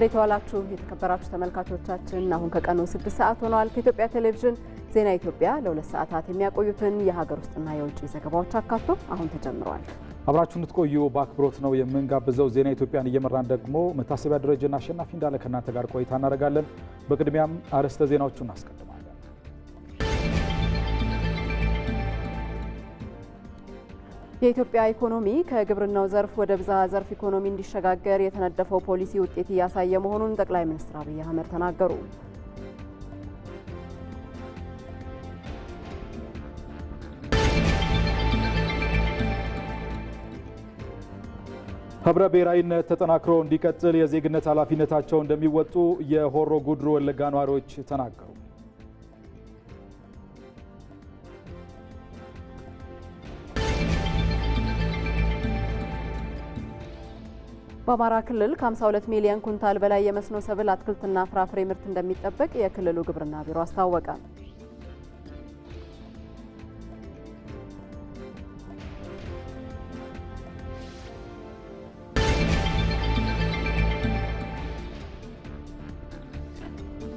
እንዴት ዋላችሁ የተከበራችሁ ተመልካቾቻችን። አሁን ከቀኑ ስድስት ሰዓት ሆኗል። ከኢትዮጵያ ቴሌቪዥን ዜና ኢትዮጵያ ለሁለት ሰዓታት የሚያቆዩትን የሀገር ውስጥና የውጭ ዘገባዎች አካቶ አሁን ተጀምሯል። አብራችሁ እንድትቆዩ በአክብሮት ነው የምንጋብዘው። ዜና ኢትዮጵያን እየመራን ደግሞ መታሰቢያ ደረጀና አሸናፊ እንዳለ ከእናንተ ጋር ቆይታ እናደርጋለን። በቅድሚያም አርዕስተ ዜናዎቹን አስቀድመ የኢትዮጵያ ኢኮኖሚ ከግብርናው ዘርፍ ወደ ብዝሃ ዘርፍ ኢኮኖሚ እንዲሸጋገር የተነደፈው ፖሊሲ ውጤት እያሳየ መሆኑን ጠቅላይ ሚኒስትር አብይ አህመድ ተናገሩ። ህብረ ብሔራዊነት ተጠናክሮ እንዲቀጥል የዜግነት ኃላፊነታቸው እንደሚወጡ የሆሮ ጉድሩ ወለጋ ነዋሪዎች ተናገሩ። በአማራ ክልል ከ52 ሚሊዮን ኩንታል በላይ የመስኖ ሰብል፣ አትክልትና ፍራፍሬ ምርት እንደሚጠበቅ የክልሉ ግብርና ቢሮ አስታወቀ።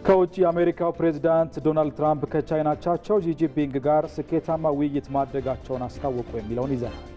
ከውጭ የአሜሪካው ፕሬዝዳንት ዶናልድ ትራምፕ ከቻይና አቻቸው ጂጂፒንግ ጋር ስኬታማ ውይይት ማድረጋቸውን አስታወቁ የሚለውን ይዘናል።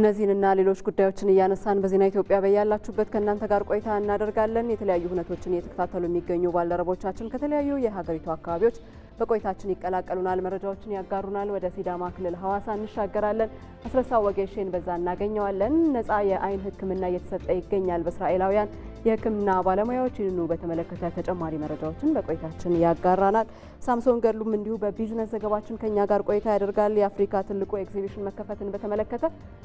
እነዚህንና ሌሎች ጉዳዮችን እያነሳን በዜና ኢትዮጵያ በያላችሁበት ከእናንተ ጋር ቆይታ እናደርጋለን። የተለያዩ ሁነቶችን እየተከታተሉ የሚገኙ ባልደረቦቻችን ከተለያዩ የሀገሪቱ አካባቢዎች በቆይታችን ይቀላቀሉናል፣ መረጃዎችን ያጋሩናል። ወደ ሲዳማ ክልል ሀዋሳ እንሻገራለን። አስረሳ ወጌሼን በዛ እናገኘዋለን። ነፃ የአይን ሕክምና እየተሰጠ ይገኛል በእስራኤላውያን የሕክምና ባለሙያዎች ይህንኑ በተመለከተ ተጨማሪ መረጃዎችን በቆይታችን ያጋራናል። ሳምሶን ገድሉም እንዲሁ በቢዝነስ ዘገባችን ከኛ ጋር ቆይታ ያደርጋል። የአፍሪካ ትልቁ ኤግዚቢሽን መከፈትን በተመለከተ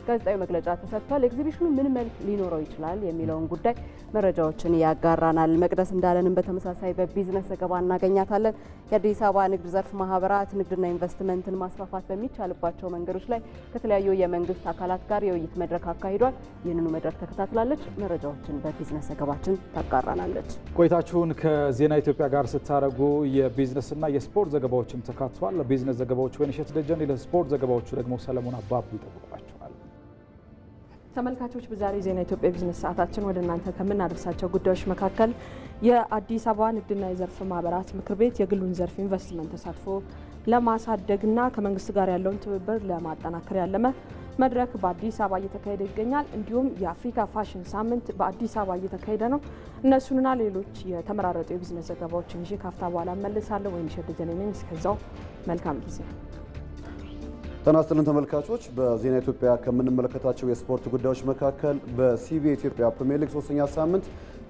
ጋዜጣዊ መግለጫ ተሰጥቷል። ኤግዚቢሽኑ ምን መልክ ሊኖረው ይችላል የሚለውን ጉዳይ መረጃዎችን ያጋራናል። መቅደስ እንዳለንም በተመሳሳይ በቢዝነስ ዘገባ እናገኛታለን። የአዲስ አበባ ንግድ ዘርፍ ማህበራት ንግድና ኢንቨስትመንትን ማስፋፋት በሚቻልባቸው መንገዶች ላይ ከተለያዩ የመንግስት አካላት ጋር የውይይት መድረክ አካሂዷል። ይህንኑ መድረክ ተከታትላለች። መረጃዎችን በቢዝነስ ዘገባ ዘገባችን ታጋራናለች። ቆይታችሁን ከዜና ኢትዮጵያ ጋር ስታደርጉ የቢዝነስና የስፖርት ዘገባዎችም ተካቷል። ለቢዝነስ ዘገባዎቹ ወይንሸት ደጀኔ፣ ለስፖርት ዘገባዎቹ ደግሞ ሰለሞን አባቡ ይጠብቋቸዋል። ተመልካቾች በዛሬ ዜና ኢትዮጵያ ቢዝነስ ሰዓታችን ወደ እናንተ ከምናደርሳቸው ጉዳዮች መካከል የአዲስ አበባ ንግድና የዘርፍ ማህበራት ምክር ቤት የግሉን ዘርፍ ኢንቨስትመንት ተሳትፎ ለማሳደግና ከመንግስት ጋር ያለውን ትብብር ለማጠናከር ያለመ መድረክ በአዲስ አበባ እየተካሄደ ይገኛል። እንዲሁም የአፍሪካ ፋሽን ሳምንት በአዲስ አበባ እየተካሄደ ነው። እነሱንና ሌሎች የተመራረጡ የቢዝነስ ዘገባዎችን ይዤ ካፍታ በኋላ መልሳለሁ። ወይን ሸደጀኔ ነኝ። እስከዛው መልካም ጊዜ ጤና ተመልካቾች። በዜና ኢትዮጵያ ከምንመለከታቸው የስፖርት ጉዳዮች መካከል በሲቢ ኢትዮጵያ ፕሪሚየር ሊግ ሶስተኛ ሳምንት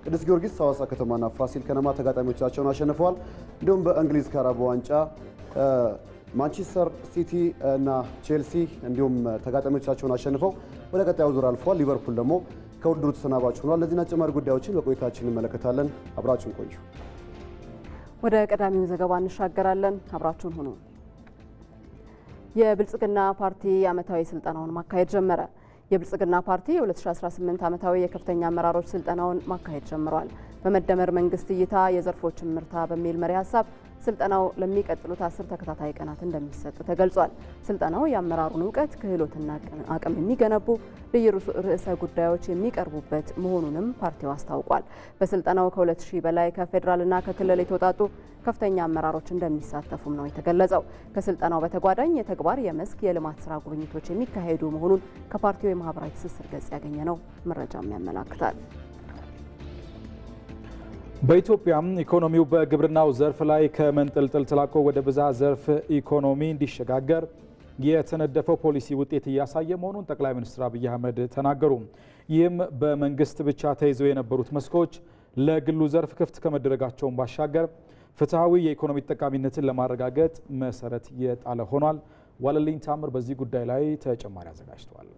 ቅዱስ ጊዮርጊስ ሐዋሳ ከተማና ፋሲል ከነማ ተጋጣሚዎቻቸውን አሸንፈዋል። እንዲሁም በእንግሊዝ ካራቦ ዋንጫ ማንቸስተር ሲቲ እና ቼልሲ እንዲሁም ተጋጣሚዎቻቸውን አሸንፈው ወደ ቀጣዩ ዙር አልፈዋል። ሊቨርፑል ደግሞ ከውድድሩ ተሰናባች ሆኗል። እነዚህና ጭማሪ ጉዳዮችን በቆይታችን እንመለከታለን። አብራችሁን ቆዩ። ወደ ቀዳሚው ዘገባ እንሻገራለን። አብራችሁን ሁኑ። የብልጽግና ፓርቲ ዓመታዊ ስልጠናውን ማካሄድ ጀመረ። የብልጽግና ፓርቲ የ2018 ዓመታዊ የከፍተኛ አመራሮች ስልጠናውን ማካሄድ ጀምሯል። በመደመር መንግስት እይታ የዘርፎችን ምርታ በሚል መሪ ሀሳብ ስልጠናው ለሚቀጥሉት አስር ተከታታይ ቀናት እንደሚሰጥ ተገልጿል። ስልጠናው የአመራሩን እውቀት ክህሎትና አቅም የሚገነቡ ልዩ ርዕሰ ጉዳዮች የሚቀርቡበት መሆኑንም ፓርቲው አስታውቋል። በስልጠናው ከ ሺህ በላይ ከፌዴራልና ከክልል የተውጣጡ ከፍተኛ አመራሮች እንደሚሳተፉም ነው የተገለጸው። ከስልጠናው በተጓዳኝ የተግባር የመስክ የልማት ስራ ጉብኝቶች የሚካሄዱ መሆኑን ከፓርቲው የማህበራዊ ትስስር ገጽ ያገኘ ነው መረጃም ያመላክታል። በኢትዮጵያም ኢኮኖሚው በግብርናው ዘርፍ ላይ ከመንጠልጠል ተላቆ ወደ ብዝሃ ዘርፍ ኢኮኖሚ እንዲሸጋገር የተነደፈው ፖሊሲ ውጤት እያሳየ መሆኑን ጠቅላይ ሚኒስትር አብይ አህመድ ተናገሩ። ይህም በመንግስት ብቻ ተይዘው የነበሩት መስኮች ለግሉ ዘርፍ ክፍት ከመደረጋቸውን ባሻገር ፍትሐዊ የኢኮኖሚ ጠቃሚነትን ለማረጋገጥ መሰረት የጣለ ሆኗል። ዋለልኝ ታምር በዚህ ጉዳይ ላይ ተጨማሪ አዘጋጅተዋል።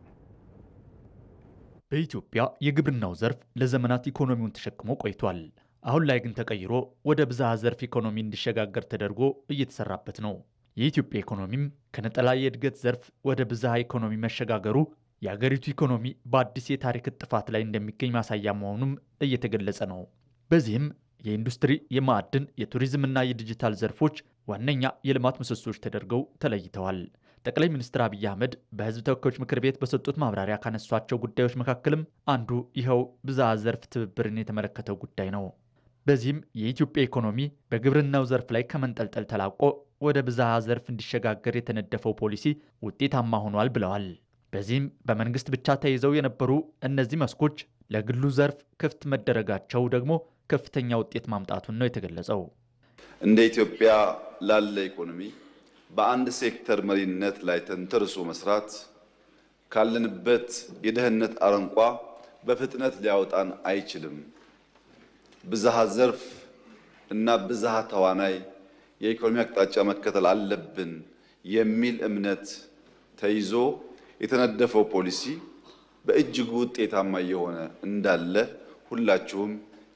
በኢትዮጵያ የግብርናው ዘርፍ ለዘመናት ኢኮኖሚውን ተሸክሞ ቆይቷል። አሁን ላይ ግን ተቀይሮ ወደ ብዝሃ ዘርፍ ኢኮኖሚ እንዲሸጋገር ተደርጎ እየተሰራበት ነው። የኢትዮጵያ ኢኮኖሚም ከነጠላ የእድገት ዘርፍ ወደ ብዝሃ ኢኮኖሚ መሸጋገሩ የአገሪቱ ኢኮኖሚ በአዲስ የታሪክ ጥፋት ላይ እንደሚገኝ ማሳያ መሆኑም እየተገለጸ ነው። በዚህም የኢንዱስትሪ፣ የማዕድን፣ የቱሪዝምና የዲጂታል ዘርፎች ዋነኛ የልማት ምሰሶች ተደርገው ተለይተዋል። ጠቅላይ ሚኒስትር አብይ አህመድ በህዝብ ተወካዮች ምክር ቤት በሰጡት ማብራሪያ ካነሷቸው ጉዳዮች መካከልም አንዱ ይኸው ብዝሃ ዘርፍ ትብብርን የተመለከተው ጉዳይ ነው። በዚህም የኢትዮጵያ ኢኮኖሚ በግብርናው ዘርፍ ላይ ከመንጠልጠል ተላቆ ወደ ብዝሃ ዘርፍ እንዲሸጋገር የተነደፈው ፖሊሲ ውጤታማ ሆኗል ብለዋል። በዚህም በመንግስት ብቻ ተይዘው የነበሩ እነዚህ መስኮች ለግሉ ዘርፍ ክፍት መደረጋቸው ደግሞ ከፍተኛ ውጤት ማምጣቱን ነው የተገለጸው። እንደ ኢትዮጵያ ላለ ኢኮኖሚ በአንድ ሴክተር መሪነት ላይ ተንተርሶ መስራት ካለንበት የደህንነት አረንቋ በፍጥነት ሊያወጣን አይችልም። ብዝሃ ዘርፍ እና ብዝሃ ተዋናይ የኢኮኖሚ አቅጣጫ መከተል አለብን የሚል እምነት ተይዞ የተነደፈው ፖሊሲ በእጅጉ ውጤታማ እየሆነ እንዳለ ሁላችሁም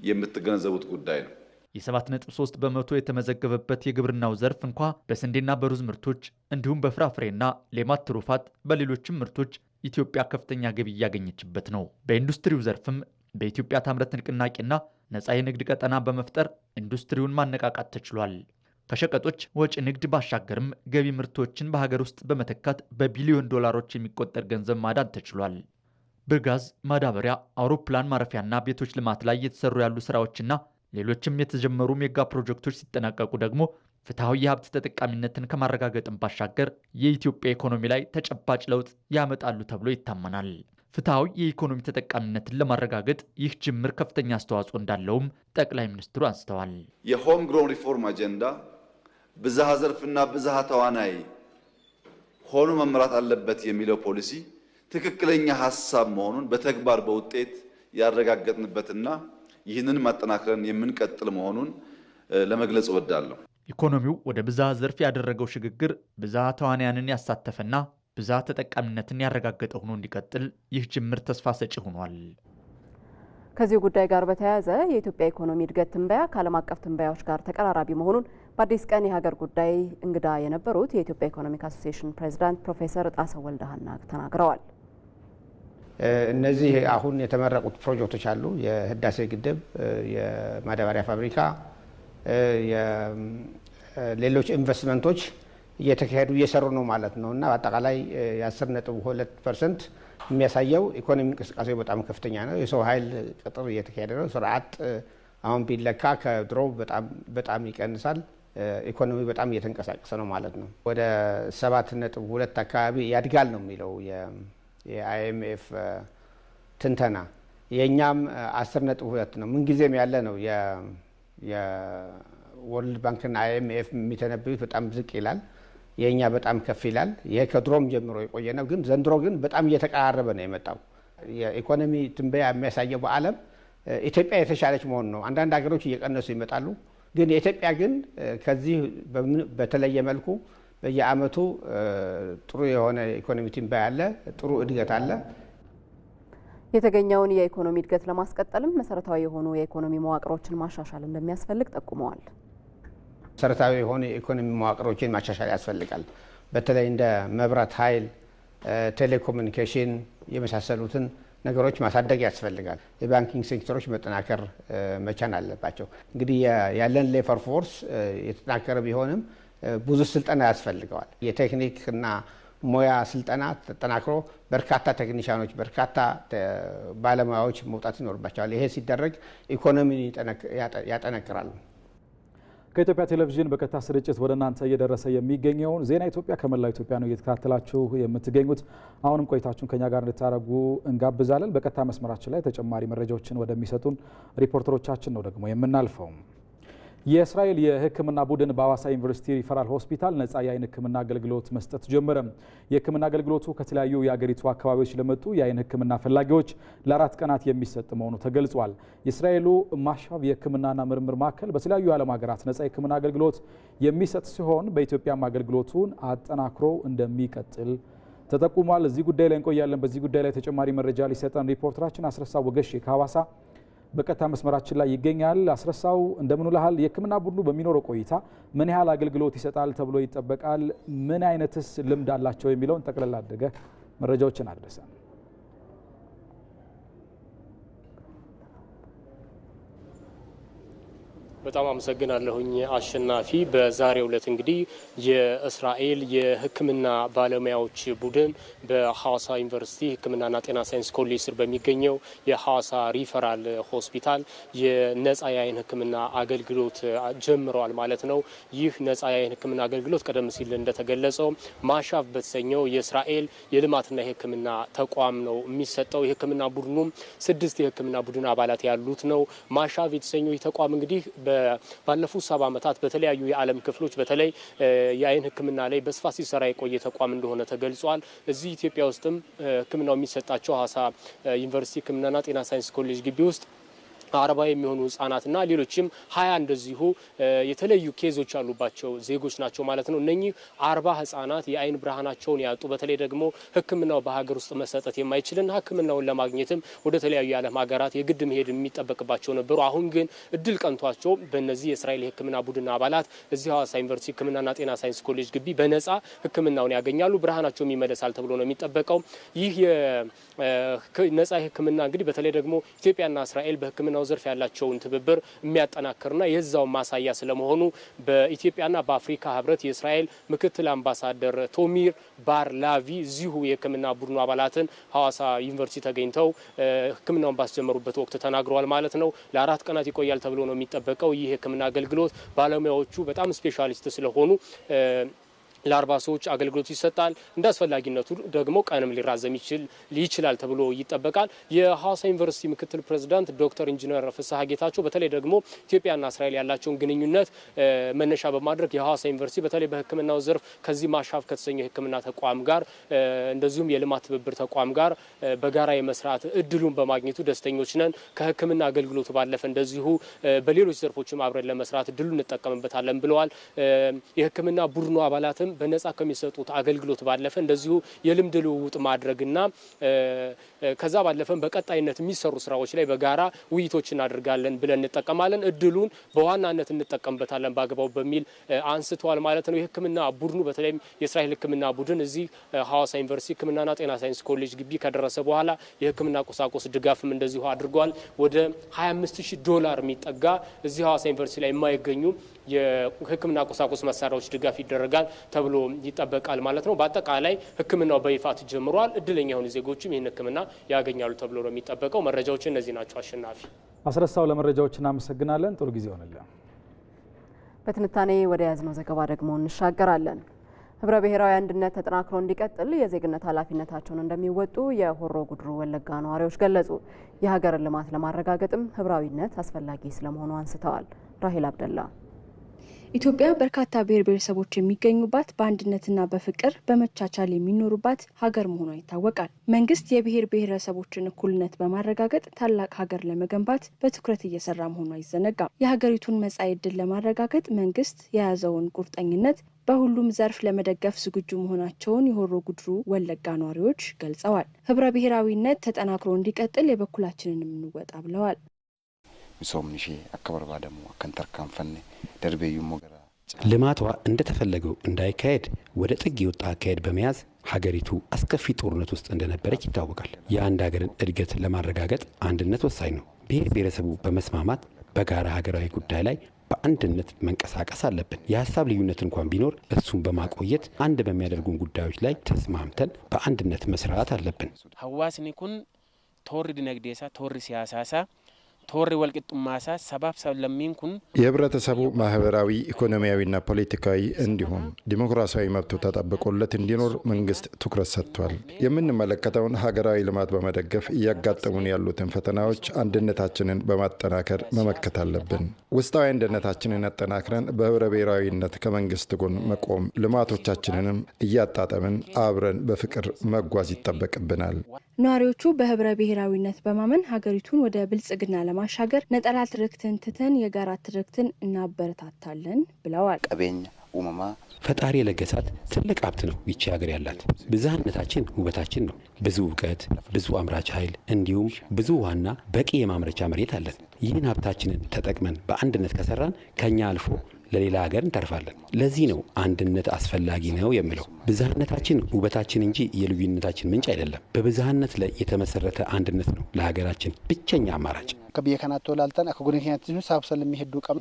የምትገነዘቡት ጉዳይ ነው። የ7.3 በመቶ የተመዘገበበት የግብርናው ዘርፍ እንኳ በስንዴና በሩዝ ምርቶች እንዲሁም በፍራፍሬና ሌማት ትሩፋት፣ በሌሎችም ምርቶች ኢትዮጵያ ከፍተኛ ገቢ እያገኘችበት ነው። በኢንዱስትሪው ዘርፍም በኢትዮጵያ ታምረት ንቅናቄና ነፃ የንግድ ቀጠና በመፍጠር ኢንዱስትሪውን ማነቃቃት ተችሏል። ከሸቀጦች ወጪ ንግድ ባሻገርም ገቢ ምርቶችን በሀገር ውስጥ በመተካት በቢሊዮን ዶላሮች የሚቆጠር ገንዘብ ማዳን ተችሏል። በጋዝ ማዳበሪያ፣ አውሮፕላን ማረፊያና ቤቶች ልማት ላይ የተሰሩ ያሉ ስራዎችና ሌሎችም የተጀመሩ ሜጋ ፕሮጀክቶች ሲጠናቀቁ ደግሞ ፍትሐዊ የሀብት ተጠቃሚነትን ከማረጋገጥም ባሻገር የኢትዮጵያ ኢኮኖሚ ላይ ተጨባጭ ለውጥ ያመጣሉ ተብሎ ይታመናል። ፍትሐዊ የኢኮኖሚ ተጠቃሚነትን ለማረጋገጥ ይህ ጅምር ከፍተኛ አስተዋጽኦ እንዳለውም ጠቅላይ ሚኒስትሩ አንስተዋል። የሆም ግሮን ሪፎርም አጀንዳ ብዝሃ ዘርፍና ብዝሃ ተዋናይ ሆኖ መምራት አለበት የሚለው ፖሊሲ ትክክለኛ ሀሳብ መሆኑን በተግባር በውጤት ያረጋገጥንበትና ይህንን ማጠናክረን የምንቀጥል መሆኑን ለመግለጽ እወዳለሁ። ኢኮኖሚው ወደ ብዝሃ ዘርፍ ያደረገው ሽግግር ብዝሃ ተዋንያንን ያሳተፈና ብዛት ተጠቃሚነትን ያረጋገጠ ሆኖ እንዲቀጥል ይህ ጅምር ተስፋ ሰጪ ሆኗል። ከዚህ ጉዳይ ጋር በተያያዘ የኢትዮጵያ ኢኮኖሚ እድገት ትንበያ ከዓለም አቀፍ ትንበያዎች ጋር ተቀራራቢ መሆኑን በአዲስ ቀን የሀገር ጉዳይ እንግዳ የነበሩት የኢትዮጵያ ኢኮኖሚክ አሶሲሽን ፕሬዚዳንት ፕሮፌሰር ጣሰው ወልደሃና ተናግረዋል። እነዚህ አሁን የተመረቁት ፕሮጀክቶች አሉ። የህዳሴ ግድብ፣ የማዳበሪያ ፋብሪካ፣ ሌሎች ኢንቨስትመንቶች እየተካሄዱ እየሰሩ ነው ማለት ነው እና በአጠቃላይ የአስር ነጥብ ሁለት ፐርሰንት የሚያሳየው ኢኮኖሚ እንቅስቃሴ በጣም ከፍተኛ ነው። የሰው ኃይል ቅጥር እየተካሄደ ነው። ስርዓት አሁን ቢለካ ከድሮ በጣም ይቀንሳል። ኢኮኖሚ በጣም እየተንቀሳቀሰ ነው ማለት ነው። ወደ ሰባት ነጥብ ሁለት አካባቢ ያድጋል ነው የሚለው የአይኤምኤፍ ትንተና። የእኛም አስር ነጥብ ሁለት ነው። ምንጊዜም ያለ ነው። የወርልድ ባንክና አይኤምኤፍ የሚተነብዩት በጣም ዝቅ ይላል። የእኛ በጣም ከፍ ይላል። ይሄ ከድሮም ጀምሮ የቆየ ነው። ግን ዘንድሮ ግን በጣም እየተቀራረበ ነው የመጣው። የኢኮኖሚ ትንበያ የሚያሳየው በዓለም ኢትዮጵያ የተሻለች መሆን ነው። አንዳንድ ሀገሮች እየቀነሱ ይመጣሉ። ግን የኢትዮጵያ ግን ከዚህ በተለየ መልኩ በየዓመቱ ጥሩ የሆነ ኢኮኖሚ ትንበያ አለ፣ ጥሩ እድገት አለ። የተገኘውን የኢኮኖሚ እድገት ለማስቀጠልም መሰረታዊ የሆኑ የኢኮኖሚ መዋቅሮችን ማሻሻል እንደሚያስፈልግ ጠቁመዋል። መሰረታዊ የሆኑ የኢኮኖሚ መዋቅሮችን ማሻሻል ያስፈልጋል። በተለይ እንደ መብራት ኃይል፣ ቴሌኮሙኒኬሽን የመሳሰሉትን ነገሮች ማሳደግ ያስፈልጋል። የባንኪንግ ሴክተሮች መጠናከር መቻን አለባቸው። እንግዲህ ያለን ሌፈር ፎርስ የተጠናከረ ቢሆንም ብዙ ስልጠና ያስፈልገዋል። የቴክኒክ እና ሙያ ስልጠና ተጠናክሮ በርካታ ቴክኒሽያኖች፣ በርካታ ባለሙያዎች መውጣት ይኖርባቸዋል። ይሄ ሲደረግ ኢኮኖሚን ያጠነክራል። ከኢትዮጵያ ቴሌቪዥን በቀጥታ ስርጭት ወደ እናንተ እየደረሰ የሚገኘውን ዜና ኢትዮጵያ ከመላው ኢትዮጵያ ነው እየተከታተላችሁ የምትገኙት። አሁንም ቆይታችሁን ከኛ ጋር እንድታደረጉ እንጋብዛለን። በቀጥታ መስመራችን ላይ ተጨማሪ መረጃዎችን ወደሚሰጡን ሪፖርተሮቻችን ነው ደግሞ የምናልፈው። የእስራኤል የሕክምና ቡድን በአዋሳ ዩኒቨርሲቲ ሪፈራል ሆስፒታል ነጻ የአይን ሕክምና አገልግሎት መስጠት ጀመረ። የሕክምና አገልግሎቱ ከተለያዩ የአገሪቱ አካባቢዎች ለመጡ የአይን ሕክምና ፈላጊዎች ለአራት ቀናት የሚሰጥ መሆኑ ተገልጿል። የእስራኤሉ ማሻቭ የሕክምናና ምርምር ማዕከል በተለያዩ የዓለም ሀገራት ነጻ የሕክምና አገልግሎት የሚሰጥ ሲሆን በኢትዮጵያም አገልግሎቱን አጠናክሮ እንደሚቀጥል ተጠቁሟል። እዚህ ጉዳይ ላይ እንቆያለን። በዚህ ጉዳይ ላይ ተጨማሪ መረጃ ሊሰጠን ሪፖርተራችን አስረሳ ወገሼ ከሐዋሳ በቀጥታ መስመራችን ላይ ይገኛል። አስረሳው እንደምን ውለሃል? የህክምና ቡድኑ በሚኖረው ቆይታ ምን ያህል አገልግሎት ይሰጣል ተብሎ ይጠበቃል? ምን አይነትስ ልምድ አላቸው የሚለውን ጠቅለል አድርገህ መረጃዎችን አድርሰን በጣም አመሰግናለሁኝ አሸናፊ። በዛሬው ዕለት እንግዲህ የእስራኤል የሕክምና ባለሙያዎች ቡድን በሐዋሳ ዩኒቨርሲቲ ሕክምናና ጤና ሳይንስ ኮሌጅ ስር በሚገኘው የሐዋሳ ሪፈራል ሆስፒታል የነጻ የአይን ሕክምና አገልግሎት ጀምረዋል ማለት ነው። ይህ ነጻ የአይን ሕክምና አገልግሎት ቀደም ሲል እንደተገለጸው ማሻፍ በተሰኘው የእስራኤል የልማትና የሕክምና ተቋም ነው የሚሰጠው። የሕክምና ቡድኑም ስድስት የሕክምና ቡድን አባላት ያሉት ነው። ማሻፍ የተሰኘው ይህ ተቋም እንግዲህ ባለፉት ሰባ ዓመታት በተለያዩ የዓለም ክፍሎች በተለይ የአይን ሕክምና ላይ በስፋት ሲሰራ የቆየ ተቋም እንደሆነ ተገልጿል። እዚህ ኢትዮጵያ ውስጥም ሕክምናው የሚሰጣቸው ሀዋሳ ዩኒቨርሲቲ ሕክምናና ጤና ሳይንስ ኮሌጅ ግቢ ውስጥ አርባ የሚሆኑ ህጻናትና ሌሎችም ሀያ እንደዚሁ የተለያዩ ኬዞች ያሉባቸው ዜጎች ናቸው ማለት ነው። እነኚህ አርባ ህጻናት የአይን ብርሃናቸውን ያጡ በተለይ ደግሞ ሕክምናው በሀገር ውስጥ መሰጠት የማይችልና ሕክምናውን ለማግኘትም ወደ ተለያዩ የዓለም ሀገራት የግድ መሄድ የሚጠበቅባቸው ነበሩ። አሁን ግን እድል ቀንቷቸው በእነዚህ የእስራኤል የሕክምና ቡድን አባላት እዚህ ሀዋሳ ዩኒቨርሲቲ ሕክምናና ጤና ሳይንስ ኮሌጅ ግቢ በነጻ ሕክምናውን ያገኛሉ። ብርሃናቸውም ይመለሳል ተብሎ ነው የሚጠበቀው። ይህ ነጻ ሕክምና እንግዲህ በተለይ ደግሞ ኢትዮጵያና እስራኤል በህክምና በግብርናው ዘርፍ ያላቸውን ትብብር የሚያጠናክርና የዛው ማሳያ ስለመሆኑ በኢትዮጵያና በአፍሪካ ህብረት የእስራኤል ምክትል አምባሳደር ቶሚር ባር ላቪ እዚሁ የህክምና ቡድኑ አባላትን ሐዋሳ ዩኒቨርሲቲ ተገኝተው ህክምናውን ባስጀመሩበት ወቅት ተናግረዋል ማለት ነው። ለአራት ቀናት ይቆያል ተብሎ ነው የሚጠበቀው። ይህ የህክምና አገልግሎት ባለሙያዎቹ በጣም ስፔሻሊስት ስለሆኑ ለአርባ ሰዎች አገልግሎት ይሰጣል። እንደ አስፈላጊነቱ ደግሞ ቀንም ሊራዘም ይችላል ተብሎ ይጠበቃል። የሀዋሳ ዩኒቨርሲቲ ምክትል ፕሬዚዳንት ዶክተር ኢንጂነር ፍስሐ ጌታቸው በተለይ ደግሞ ኢትዮጵያና እስራኤል ያላቸውን ግንኙነት መነሻ በማድረግ የሀዋሳ ዩኒቨርሲቲ በተለይ በሕክምናው ዘርፍ ከዚህ ማሻፍ ከተሰኘው የሕክምና ተቋም ጋር እንደዚሁም የልማት ትብብር ተቋም ጋር በጋራ የመስራት እድሉን በማግኘቱ ደስተኞች ነን። ከሕክምና አገልግሎቱ ባለፈ እንደዚሁ በሌሎች ዘርፎችም አብረን ለመስራት እድሉ እንጠቀምበታለን ብለዋል። የሕክምና ቡድኑ አባላትም በነጻ ከሚሰጡት አገልግሎት ባለፈ እንደዚሁ የልምድ ልውውጥ ማድረግና ከዛ ባለፈም በቀጣይነት የሚሰሩ ስራዎች ላይ በጋራ ውይይቶች እናደርጋለን ብለን እንጠቀማለን። እድሉን በዋናነት እንጠቀምበታለን በአግባቡ በሚል አንስተዋል ማለት ነው። የህክምና ቡድኑ በተለይም የእስራኤል ህክምና ቡድን እዚህ ሀዋሳ ዩኒቨርሲቲ ህክምናና ጤና ሳይንስ ኮሌጅ ግቢ ከደረሰ በኋላ የህክምና ቁሳቁስ ድጋፍም እንደዚሁ አድርጓል። ወደ 25000 ዶላር የሚጠጋ እዚህ ሀዋሳ ዩኒቨርሲቲ ላይ የማይገኙ የህክምና ቁሳቁስ መሳሪያዎች ድጋፍ ይደረጋል። ተብሎ ይጠበቃል ማለት ነው። በአጠቃላይ ህክምናው በይፋት ጀምሯል። እድለኛ የሆኑ ዜጎችም ይህን ህክምና ያገኛሉ ተብሎ ነው የሚጠበቀው። መረጃዎች እነዚህ ናቸው። አሸናፊ አስረሳው፣ ለመረጃዎች እናመሰግናለን። ጥሩ ጊዜ ሆነልን። በትንታኔ ወደ ያዝነው ዘገባ ደግሞ እንሻገራለን። ህብረ ብሔራዊ አንድነት ተጠናክሮ እንዲቀጥል የዜግነት ኃላፊነታቸውን እንደሚወጡ የሆሮ ጉድሩ ወለጋ ነዋሪዎች ገለጹ። የሀገርን ልማት ለማረጋገጥም ህብራዊነት አስፈላጊ ስለመሆኑ አንስተዋል። ራሄል አብደላ ኢትዮጵያ በርካታ ብሔር ብሔረሰቦች የሚገኙባት በአንድነትና በፍቅር በመቻቻል የሚኖሩባት ሀገር መሆኗ ይታወቃል። መንግስት የብሔር ብሔረሰቦችን እኩልነት በማረጋገጥ ታላቅ ሀገር ለመገንባት በትኩረት እየሰራ መሆኗ አይዘነጋም። የሀገሪቱን መጻኢ ዕድል ለማረጋገጥ መንግስት የያዘውን ቁርጠኝነት በሁሉም ዘርፍ ለመደገፍ ዝግጁ መሆናቸውን የሆሮ ጉድሩ ወለጋ ነዋሪዎች ገልጸዋል። ህብረ ብሔራዊነት ተጠናክሮ እንዲቀጥል የበኩላችንን የምንወጣ ብለዋል። ሚሶምኒ ሺ ደሞ በርባደሙ አከንተርካንፈኔ ደርቤዩሞ ገራ ልማቷ እንደተፈለገው እንዳይካሄድ ወደ ጥግ የወጣ አካሄድ በመያዝ ሀገሪቱ አስከፊ ጦርነት ውስጥ እንደነበረች ይታወቃል። የአንድ ሀገርን እድገት ለማረጋገጥ አንድነት ወሳኝ ነው። ብሔር ብሔረሰቡ በመስማማት በጋራ ሀገራዊ ጉዳይ ላይ በአንድነት መንቀሳቀስ አለብን። የሀሳብ ልዩነት እንኳን ቢኖር እሱን በማቆየት አንድ በሚያደርጉን ጉዳዮች ላይ ተስማምተን በአንድነት መስራት አለብን። ሀዋስኒ ኩን ቶሪ ዲነግዴሳ ሲያሳሳ ቶሪ ማሳ ሰባፍ ሰለሚን ኩን የህብረተሰቡ ማህበራዊ ኢኮኖሚያዊና ፖለቲካዊ እንዲሁም ዲሞክራሲያዊ መብቱ ተጠብቆለት እንዲኖር መንግስት ትኩረት ሰጥቷል። የምንመለከተውን ሀገራዊ ልማት በመደገፍ እያጋጠሙን ያሉትን ፈተናዎች አንድነታችንን በማጠናከር መመከት አለብን። ውስጣዊ አንድነታችንን አጠናክረን በህብረ ብሔራዊነት ከመንግስት ጎን መቆም፣ ልማቶቻችንንም እያጣጠምን አብረን በፍቅር መጓዝ ይጠበቅብናል። ነዋሪዎቹ በህብረ ብሔራዊነት በማመን ሀገሪቱን ወደ ብልጽግና ለማሻገር ነጠላ ትርክትን ትተን የጋራ ትርክትን እናበረታታለን ብለዋል። ቀቤኛ ኡመማ ፈጣሪ የለገሳት ትልቅ ሀብት ነው ይቺ ሀገር ያላት። ብዝሃነታችን ውበታችን ነው። ብዙ እውቀት፣ ብዙ አምራች ኃይል እንዲሁም ብዙ ውሃና በቂ የማምረቻ መሬት አለን። ይህን ሀብታችንን ተጠቅመን በአንድነት ከሰራን ከኛ አልፎ ለሌላ ሀገር እንተርፋለን። ለዚህ ነው አንድነት አስፈላጊ ነው የምለው። ብዝሃነታችን ውበታችን እንጂ የልዩነታችን ምንጭ አይደለም። በብዝሃነት ላይ የተመሰረተ አንድነት ነው ለሀገራችን ብቸኛ አማራጭ። ከብየ ከናቶ ላልተን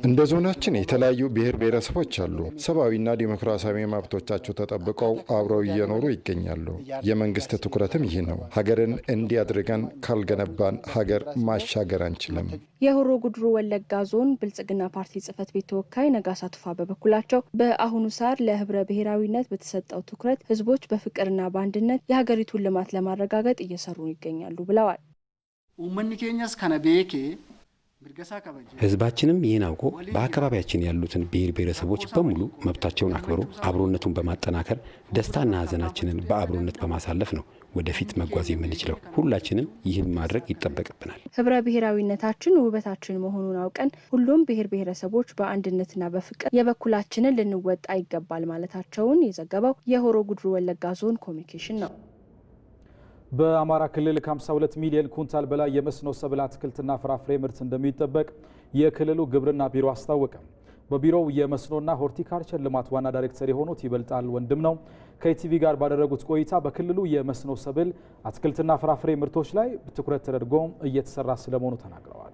እንደ ዞናችን የተለያዩ ብሔር ብሔረሰቦች አሉ። ሰብአዊና ዲሞክራሲያዊ መብቶቻቸው ተጠብቀው አብረው እየኖሩ ይገኛሉ። የመንግስት ትኩረትም ይህ ነው። ሀገርን እንዲያድርገን ካልገነባን ሀገር ማሻገር አንችልም። የሆሮ ጉድሩ ወለጋ ዞን ብልጽግና ፓርቲ ጽህፈት ቤት ተወካይ ነጋሳ ቱፋ በበኩላቸው በአሁኑ ሰዓት ለህብረ ብሔራዊነት በተሰጠው ትኩረት ህዝቦች በፍቅርና በአንድነት የሀገሪቱን ልማት ለማረጋገጥ እየሰሩ ይገኛሉ ብለዋል። ህዝባችንም ይህን አውቆ በአካባቢያችን ያሉትን ብሔር ብሔረሰቦች በሙሉ መብታቸውን አክብሮ አብሮነቱን በማጠናከር ደስታና ሀዘናችንን በአብሮነት በማሳለፍ ነው ወደፊት መጓዝ የምንችለው። ሁላችንም ይህን ማድረግ ይጠበቅብናል። ህብረ ብሔራዊነታችን ውበታችን መሆኑን አውቀን ሁሉም ብሔር ብሔረሰቦች በአንድነትና በፍቅር የበኩላችንን ልንወጣ ይገባል ማለታቸውን የዘገበው የሆሮ ጉድሩ ወለጋ ዞን ኮሚኒኬሽን ነው። በአማራ ክልል ከ52 ሚሊዮን ኩንታል በላይ የመስኖ ሰብል አትክልትና ፍራፍሬ ምርት እንደሚጠበቅ የክልሉ ግብርና ቢሮ አስታወቀ። በቢሮው የመስኖና ሆርቲካልቸር ልማት ዋና ዳይሬክተር የሆኑት ይበልጣል ወንድም ነው ከኢቲቪ ጋር ባደረጉት ቆይታ በክልሉ የመስኖ ሰብል አትክልትና ፍራፍሬ ምርቶች ላይ ትኩረት ተደርጎም እየተሰራ ስለመሆኑ ተናግረዋል።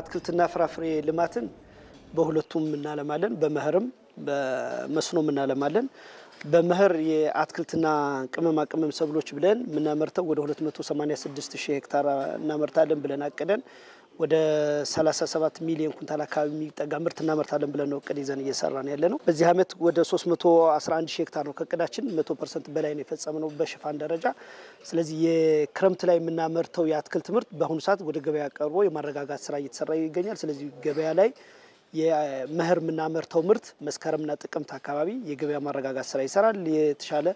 አትክልትና ፍራፍሬ ልማትን በሁለቱም እናለማለን፣ በመኸርም በመስኖም እናለማለን። በመኸር የአትክልትና ቅመማ ቅመም ሰብሎች ብለን የምናመርተው ወደ 286 ሺህ ሄክታር እናመርታለን ብለን አቅደን ወደ 37 ሚሊዮን ኩንታል አካባቢ የሚጠጋ ምርት እናመርታለን ብለን ነው እቅድ ይዘን ነው ያለ ነው። በዚህ ዓመት ወደ 311 ሺህ ሄክታር ነው ከእቅዳችን 100 ፐርሰንት በላይ ነው ነው በሽፋን ደረጃ። ስለዚህ የክረምት ላይ የምናመርተው የአትክልት ምርት በአሁኑ ሰዓት ወደ ገበያ ቀርቦ የማረጋጋት ስራ እየተሰራ ይገኛል። ስለዚህ ገበያ ላይ የመኸር የምናመርተው ምርት መስከረምና ጥቅምት አካባቢ የገበያ ማረጋጋት ስራ ይሰራል። የተሻለ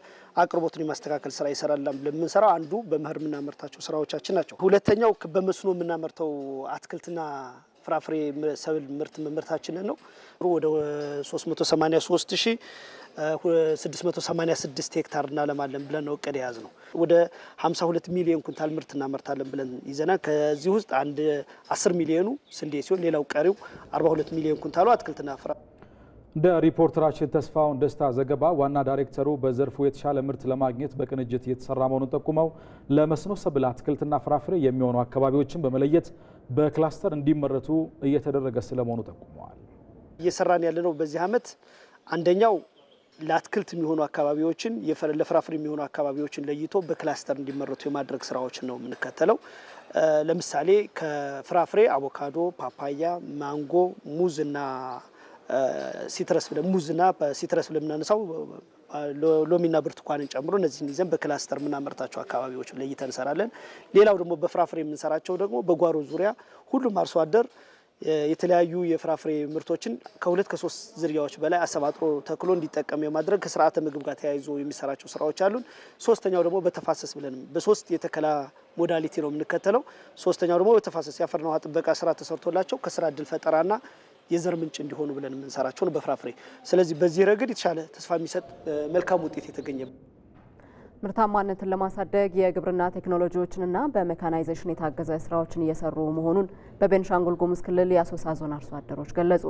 አቅርቦቱን የማስተካከል ስራ ይሰራል። ለምንሰራው አንዱ በመኸር የምናመርታቸው ስራዎቻችን ናቸው። ሁለተኛው በመስኖ የምናመርተው አትክልትና ፍራፍሬ ሰብል ምርት ምርታችንን ነው ወደ 383686 ሄክታር እናለማለን ብለን ነው እቅድ የያዝ ነው። ወደ 52 ሚሊዮን ኩንታል ምርት እናመርታለን ብለን ይዘናል። ከዚህ ውስጥ አንድ 10 ሚሊዮኑ ስንዴ ሲሆን ሌላው ቀሪው 42 ሚሊዮን ኩንታሉ አትክልትና ፍራ እንደ ሪፖርተራችን ተስፋውን ደስታ ዘገባ ዋና ዳይሬክተሩ በዘርፉ የተሻለ ምርት ለማግኘት በቅንጅት እየተሰራ መሆኑን ጠቁመው ለመስኖ ሰብል አትክልትና ፍራፍሬ የሚሆኑ አካባቢዎችን በመለየት በክላስተር እንዲመረቱ እየተደረገ ስለመሆኑ ጠቁመዋል። እየሰራን ያለነው በዚህ ዓመት አንደኛው ለአትክልት የሚሆኑ አካባቢዎችን ለፍራፍሬ የሚሆኑ አካባቢዎችን ለይቶ በክላስተር እንዲመረቱ የማድረግ ስራዎችን ነው የምንከተለው። ለምሳሌ ከፍራፍሬ አቮካዶ፣ ፓፓያ፣ ማንጎ፣ ሙዝ እና ሲትረስ ሙዝና ሲትረስ ብለን የምናነሳው ሎሚና ብርቱካንን ጨምሮ እነዚህን ይዘን በክላስተር የምናመርታቸው አካባቢዎች ለይተን እንሰራለን። ሌላው ደግሞ በፍራፍሬ የምንሰራቸው ደግሞ በጓሮ ዙሪያ ሁሉም አርሶ አደር የተለያዩ የፍራፍሬ ምርቶችን ከሁለት ከሶስት ዝርያዎች በላይ አሰባጥሮ ተክሎ እንዲጠቀም የማድረግ ከስርዓተ ምግብ ጋር ተያይዞ የሚሰራቸው ስራዎች አሉን። ሶስተኛው ደግሞ በተፋሰስ ብለን በሶስት የተከላ ሞዳሊቲ ነው የምንከተለው። ሶስተኛው ደግሞ በተፋሰስ የአፈርና ውሃ ጥበቃ ስራ ተሰርቶላቸው ከስራ እድል ፈጠራና የዘር ምንጭ እንዲሆኑ ብለን የምንሰራቸውን በፍራፍሬ ስለዚህ በዚህ ረገድ የተሻለ ተስፋ የሚሰጥ መልካም ውጤት የተገኘ ምርታማነትን ለማሳደግ የግብርና ቴክኖሎጂዎችንና በሜካናይዜሽን የታገዘ ስራዎችን እየሰሩ መሆኑን በቤንሻንጉል ጉሙዝ ክልል የአሶሳ ዞን አርሶ አደሮች ገለጹ።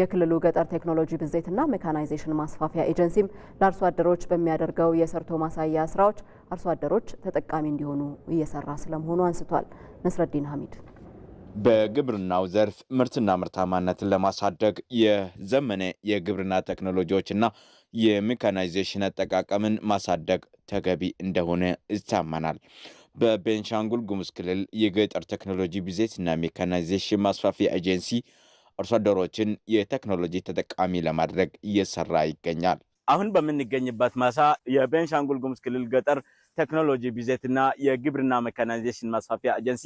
የክልሉ ገጠር ቴክኖሎጂ ብዜትና ሜካናይዜሽን ማስፋፊያ ኤጀንሲም ለአርሶ አደሮች በሚያደርገው የሰርቶ ማሳያ ስራዎች አርሶ አደሮች ተጠቃሚ እንዲሆኑ እየሰራ ስለመሆኑ አንስቷል። ነስረዲን ሀሚድ በግብርናው ዘርፍ ምርትና ምርታማነትን ለማሳደግ የዘመነ የግብርና ቴክኖሎጂዎችና የሜካናይዜሽን አጠቃቀምን ማሳደግ ተገቢ እንደሆነ ይታመናል። በቤንሻንጉል ጉሙዝ ክልል የገጠር ቴክኖሎጂ ብዜትና ሜካናይዜሽን ማስፋፊያ ኤጀንሲ አርሶ አደሮችን የቴክኖሎጂ ተጠቃሚ ለማድረግ እየሰራ ይገኛል። አሁን በምንገኝበት ማሳ የቤንሻንጉል ጉሙዝ ክልል ገጠር ቴክኖሎጂ ብዜትና የግብርና ሜካናይዜሽን ማስፋፊያ ኤጀንሲ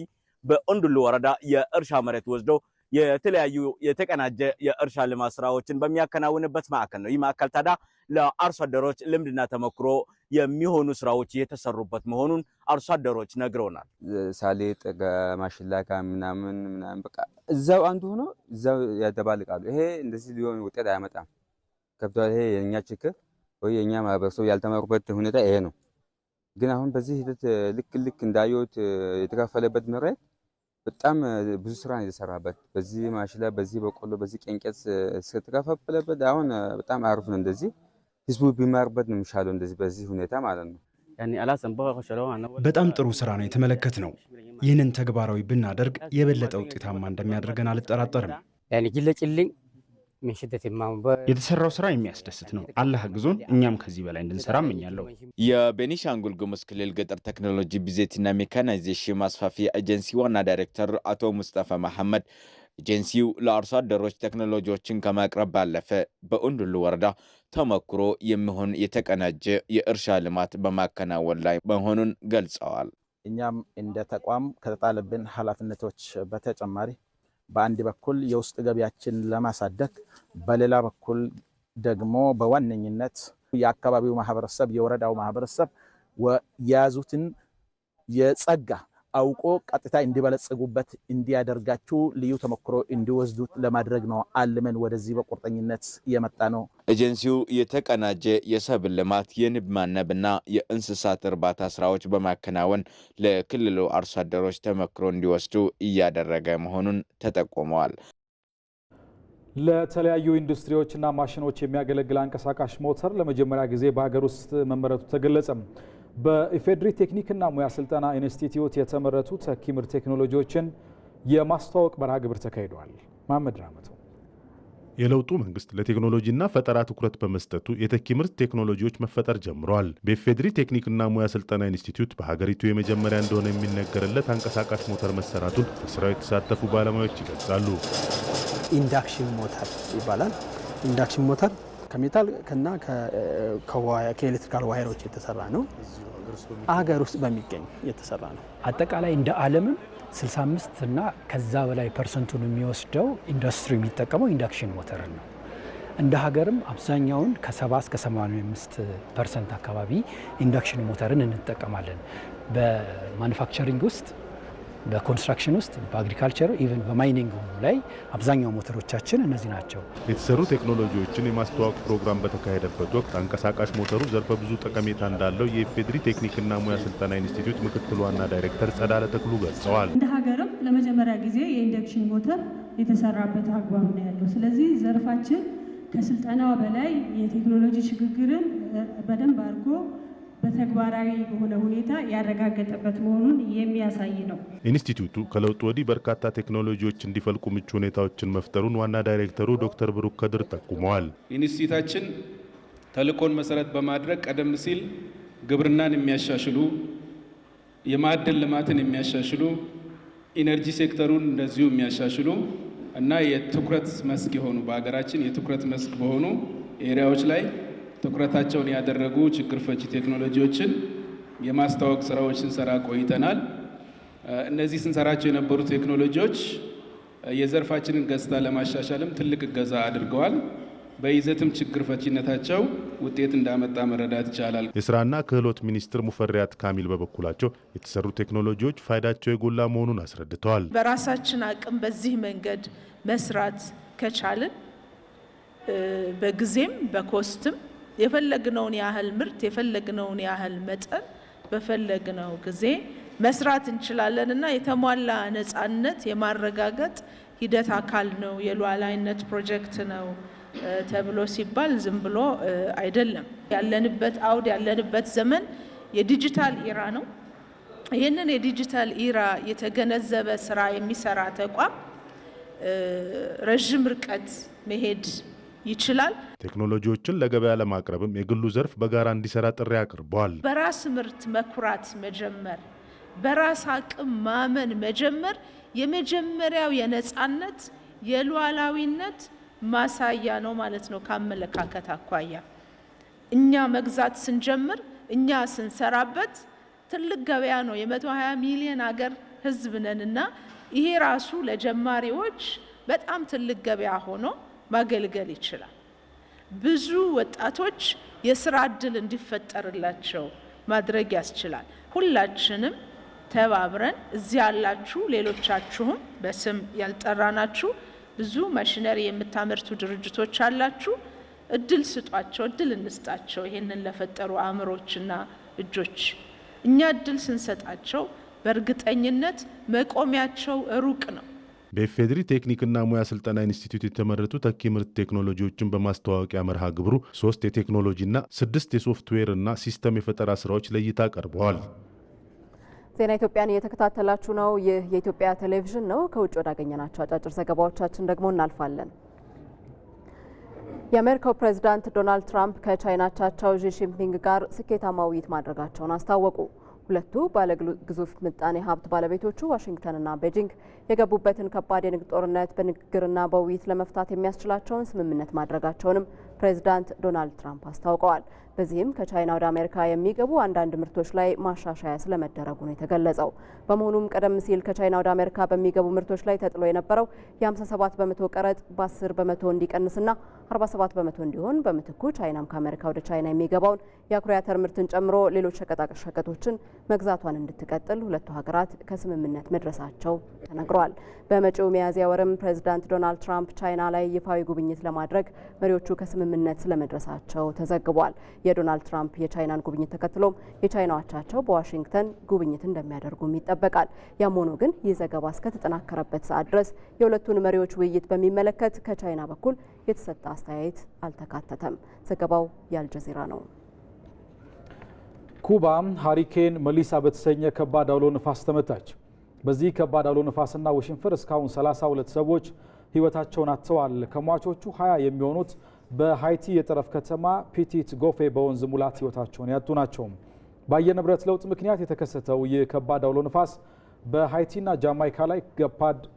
በኦንዱሉ ወረዳ የእርሻ መሬት ወስዶ የተለያዩ የተቀናጀ የእርሻ ልማት ስራዎችን በሚያከናውንበት ማዕከል ነው። ይህ ማዕከል ታዲያ ለአርሶ አደሮች ልምድና ተሞክሮ የሚሆኑ ስራዎች እየተሰሩበት መሆኑን አርሶ አደሮች ነግረውናል። ሳሌጥ ማሽላካ ምናምን ምናምን በቃ እዛው አንዱ ሆኖ እዛው ያደባልቃሉ። ይሄ እንደዚህ ሊሆን ውጤት አያመጣም። ከብቷል። ይሄ የእኛ ችግር ወይ የእኛ ማህበረሰብ ያልተማሩበት ሁኔታ ይሄ ነው። ግን አሁን በዚህ ሂደት ልክ ልክ እንዳየሁት የተከፈለበት መሬት በጣም ብዙ ስራ ነው የተሰራበት። በዚህ ማሽላ፣ በዚህ በቆሎ፣ በዚህ ቄንቄስ ስትከፋፍለበት አሁን በጣም አሪፍ ነው። እንደዚህ ህዝቡ ቢማርበት ነው የሚሻለው። እንደዚህ በዚህ ሁኔታ ማለት ነው። በጣም ጥሩ ስራ ነው የተመለከት ነው። ይህንን ተግባራዊ ብናደርግ የበለጠ ውጤታማ እንደሚያደርገን አልጠራጠርም። የተሰራው ስራ የሚያስደስት ነው። አላህ ግዞን እኛም ከዚህ በላይ እንድንሰራ እመኛለሁ። የቤኒሻንጉል ጉሙዝ ክልል ገጠር ቴክኖሎጂ ብዜትና ሜካናይዜሽን ማስፋፊያ ኤጀንሲ ዋና ዳይሬክተር አቶ ሙስጠፋ መሐመድ ኤጀንሲው ለአርሶ አደሮች ቴክኖሎጂዎችን ከማቅረብ ባለፈ በኡንዱሉ ወረዳ ተሞክሮ የሚሆን የተቀናጀ የእርሻ ልማት በማከናወን ላይ መሆኑን ገልጸዋል። እኛም እንደ ተቋም ከተጣለብን ኃላፊነቶች በተጨማሪ በአንድ በኩል የውስጥ ገቢያችን ለማሳደግ፣ በሌላ በኩል ደግሞ በዋነኝነት የአካባቢው ማህበረሰብ የወረዳው ማህበረሰብ የያዙትን የጸጋ አውቆ ቀጥታ እንዲበለጽጉበት እንዲያደርጋችሁ ልዩ ተሞክሮ እንዲወስዱት ለማድረግ ነው አልመን ወደዚህ በቁርጠኝነት የመጣ ነው። ኤጀንሲው የተቀናጀ የሰብል ልማት፣ የንብ ማነብና የእንስሳት እርባታ ስራዎች በማከናወን ለክልሉ አርሶ አደሮች ተመክሮ እንዲወስዱ እያደረገ መሆኑን ተጠቁመዋል። ለተለያዩ ኢንዱስትሪዎችና ማሽኖች የሚያገለግል አንቀሳቃሽ ሞተር ለመጀመሪያ ጊዜ በሀገር ውስጥ መመረቱ ተገለጸም። በኢፌድሪ ቴክኒክና ሙያ ስልጠና ኢንስቲትዩት የተመረቱ ተኪምር ቴክኖሎጂዎችን የማስተዋወቅ መርሃ ግብር ተካሂደዋል። መሐመድ ራመቱ የለውጡ መንግስት ለቴክኖሎጂና ፈጠራ ትኩረት በመስጠቱ የተኪ ምርት ቴክኖሎጂዎች መፈጠር ጀምረዋል። በኢፌድሪ ቴክኒክና ሙያ ስልጠና ኢንስቲትዩት በሀገሪቱ የመጀመሪያ እንደሆነ የሚነገርለት አንቀሳቃሽ ሞተር መሰራቱን በስራው የተሳተፉ ባለሙያዎች ይገልጻሉ። ኢንዳክሽን ሞተር ይባላል። ኢንዳክሽን ሞተር ከሜታል እና ከኤሌክትሪካል ዋይሮች የተሰራ ነው። አገር ውስጥ በሚገኝ የተሰራ ነው። አጠቃላይ እንደ ዓለምም 65 እና ከዛ በላይ ፐርሰንቱን የሚወስደው ኢንዱስትሪ የሚጠቀመው ኢንዳክሽን ሞተር ነው። እንደ ሀገርም አብዛኛውን ከ70 እስከ 85 ፐርሰንት አካባቢ ኢንዳክሽን ሞተርን እንጠቀማለን በማኑፋክቸሪንግ ውስጥ በኮንስትራክሽን ውስጥ በአግሪካልቸሩ ኢቨን በማይኒንግ ላይ አብዛኛው ሞተሮቻችን እነዚህ ናቸው። የተሰሩ ቴክኖሎጂዎችን የማስተዋወቅ ፕሮግራም በተካሄደበት ወቅት አንቀሳቃሽ ሞተሩ ዘርፈ ብዙ ጠቀሜታ እንዳለው የኢፌድሪ ቴክኒክና ሙያ ስልጠና ኢንስቲትዩት ምክትል ዋና ዳይሬክተር ጸዳለ ተክሉ ገልጸዋል። እንደ ሀገርም ለመጀመሪያ ጊዜ የኢንደክሽን ሞተር የተሰራበት አግባብ ነው ያለው። ስለዚህ ዘርፋችን ከስልጠናው በላይ የቴክኖሎጂ ሽግግርን በደንብ አድርጎ በተግባራዊ በሆነ ሁኔታ ያረጋገጠበት መሆኑን የሚያሳይ ነው። ኢንስቲትዩቱ ከለውጡ ወዲህ በርካታ ቴክኖሎጂዎች እንዲፈልቁ ምቹ ሁኔታዎችን መፍጠሩን ዋና ዳይሬክተሩ ዶክተር ብሩክ ከድር ጠቁመዋል። ኢንስቲትዩታችን ተልእኮን መሰረት በማድረግ ቀደም ሲል ግብርናን የሚያሻሽሉ የማዕድን ልማትን የሚያሻሽሉ ኢነርጂ ሴክተሩን እንደዚሁ የሚያሻሽሉ እና የትኩረት መስክ የሆኑ በሀገራችን የትኩረት መስክ በሆኑ ኤሪያዎች ላይ ትኩረታቸውን ያደረጉ ችግር ፈቺ ቴክኖሎጂዎችን የማስተዋወቅ ስራዎች ስንሰራ ቆይተናል። እነዚህ ስንሰራቸው የነበሩ ቴክኖሎጂዎች የዘርፋችንን ገጽታ ለማሻሻልም ትልቅ እገዛ አድርገዋል። በይዘትም ችግር ፈቺነታቸው ውጤት እንዳመጣ መረዳት ይቻላል። የስራና ክህሎት ሚኒስትር ሙፈሪያት ካሚል በበኩላቸው የተሰሩ ቴክኖሎጂዎች ፋይዳቸው የጎላ መሆኑን አስረድተዋል። በራሳችን አቅም በዚህ መንገድ መስራት ከቻልን በጊዜም በኮስትም የፈለግነውን ያህል ምርት የፈለግነውን ያህል መጠን በፈለግነው ጊዜ መስራት እንችላለን እና የተሟላ ነጻነት የማረጋገጥ ሂደት አካል ነው የሉዓላዊነት ፕሮጀክት ነው ተብሎ ሲባል ዝም ብሎ አይደለም። ያለንበት አውድ ያለንበት ዘመን የዲጂታል ኢራ ነው። ይህንን የዲጂታል ኢራ የተገነዘበ ስራ የሚሰራ ተቋም ረዥም ርቀት መሄድ ይችላል። ቴክኖሎጂዎችን ለገበያ ለማቅረብም የግሉ ዘርፍ በጋራ እንዲሰራ ጥሪ አቅርበዋል። በራስ ምርት መኩራት መጀመር፣ በራስ አቅም ማመን መጀመር የመጀመሪያው የነጻነት የሉዓላዊነት ማሳያ ነው ማለት ነው። ከአመለካከት አኳያ እኛ መግዛት ስንጀምር፣ እኛ ስንሰራበት ትልቅ ገበያ ነው። የ የ120 ሚሊዮን አገር ህዝብ ነን እና ይሄ ራሱ ለጀማሪዎች በጣም ትልቅ ገበያ ሆኖ ማገልገል ይችላል። ብዙ ወጣቶች የስራ እድል እንዲፈጠርላቸው ማድረግ ያስችላል። ሁላችንም ተባብረን እዚህ ያላችሁ ሌሎቻችሁም በስም ያልጠራናችሁ ብዙ ማሽነሪ የምታመርቱ ድርጅቶች አላችሁ። እድል ስጧቸው፣ እድል እንስጣቸው። ይሄንን ለፈጠሩ አእምሮችና እጆች እኛ እድል ስንሰጣቸው በእርግጠኝነት መቆሚያቸው ሩቅ ነው። በኢፌድሪ ቴክኒክና ሙያ ስልጠና ኢንስቲትዩት የተመረቱ ተኪ ምርት ቴክኖሎጂዎችን በማስተዋወቂያ መርሃ ግብሩ ሶስት የቴክኖሎጂና ስድስት የሶፍትዌር እና ሲስተም የፈጠራ ስራዎች ለእይታ ቀርበዋል። ዜና ኢትዮጵያን እየተከታተላችሁ ነው። ይህ የኢትዮጵያ ቴሌቪዥን ነው። ከውጭ ወዳገኘናቸው አጫጭር ዘገባዎቻችን ደግሞ እናልፋለን። የአሜሪካው ፕሬዚዳንት ዶናልድ ትራምፕ ከቻይና አቻቸው ዢ ጂንፒንግ ጋር ስኬታማ ውይይት ማድረጋቸውን አስታወቁ። ሁለቱ ባለግዙፍ ምጣኔ ሀብት ባለቤቶቹ ዋሽንግተንና ቤጂንግ የገቡበትን ከባድ የንግድ ጦርነት በንግግርና በውይይት ለመፍታት የሚያስችላቸውን ስምምነት ማድረጋቸውንም ፕሬዚዳንት ዶናልድ ትራምፕ አስታውቀዋል። በዚህም ከቻይና ወደ አሜሪካ የሚገቡ አንዳንድ ምርቶች ላይ ማሻሻያ ስለመደረጉ ነው የተገለጸው። በመሆኑም ቀደም ሲል ከቻይና ወደ አሜሪካ በሚገቡ ምርቶች ላይ ተጥሎ የነበረው የ57 በመቶ ቀረጥ በ10 በመቶ እንዲቀንስና 47 በመቶ እንዲሆን፣ በምትኩ ቻይናም ከአሜሪካ ወደ ቻይና የሚገባውን የአኩሪ አተር ምርትን ጨምሮ ሌሎች ሸቀጣሸቀጦችን መግዛቷን እንድትቀጥል ሁለቱ ሀገራት ከስምምነት መድረሳቸው ተነግረዋል። በመጪው ሚያዝያ ወርም ፕሬዚዳንት ዶናልድ ትራምፕ ቻይና ላይ ይፋዊ ጉብኝት ለማድረግ መሪዎቹ ከስምምነት ስምምነት ስለመድረሳቸው ተዘግቧል። የዶናልድ ትራምፕ የቻይናን ጉብኝት ተከትሎም የቻይና አቻቸው በዋሽንግተን ጉብኝት እንደሚያደርጉም ይጠበቃል። ያም ሆኖ ግን ይህ ዘገባ እስከተጠናከረበት ሰዓት ድረስ የሁለቱን መሪዎች ውይይት በሚመለከት ከቻይና በኩል የተሰጠ አስተያየት አልተካተተም። ዘገባው የአልጀዚራ ነው። ኩባ ሀሪኬን መሊሳ በተሰኘ ከባድ አውሎ ንፋስ ተመታች። በዚህ ከባድ አውሎ ነፋስና ውሽንፍር እስካሁን 32 ሰዎች ሕይወታቸውን አጥተዋል። ከሟቾቹ 20 የሚሆኑት በሃይቲ የጠረፍ ከተማ ፒቲት ጎፌ በወንዝ ሙላት ህይወታቸውን ያጡ ናቸው። በአየር ንብረት ለውጥ ምክንያት የተከሰተው ከባድ አውሎ ንፋስ በሃይቲና ጃማይካ ላይ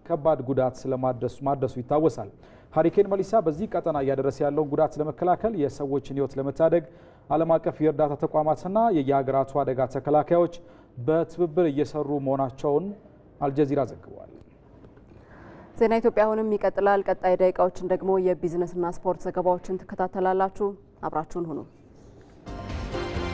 ከባድ ጉዳት ስለማድረሱ ይታወሳል። ሀሪኬን መሊሳ በዚህ ቀጠና እያደረሰ ያለውን ጉዳት ለመከላከል የሰዎችን ህይወት ለመታደግ ዓለም አቀፍ የእርዳታ ተቋማትና የየሀገራቱ አደጋ ተከላካዮች በትብብር እየሰሩ መሆናቸውን አልጀዚራ ዘግቧል። ዜና ኢትዮጵያ አሁንም ይቀጥላል። ቀጣይ ደቂቃዎችን ደግሞ የቢዝነስና ስፖርት ዘገባዎችን ትከታተላላችሁ። አብራችሁን ሁኑ።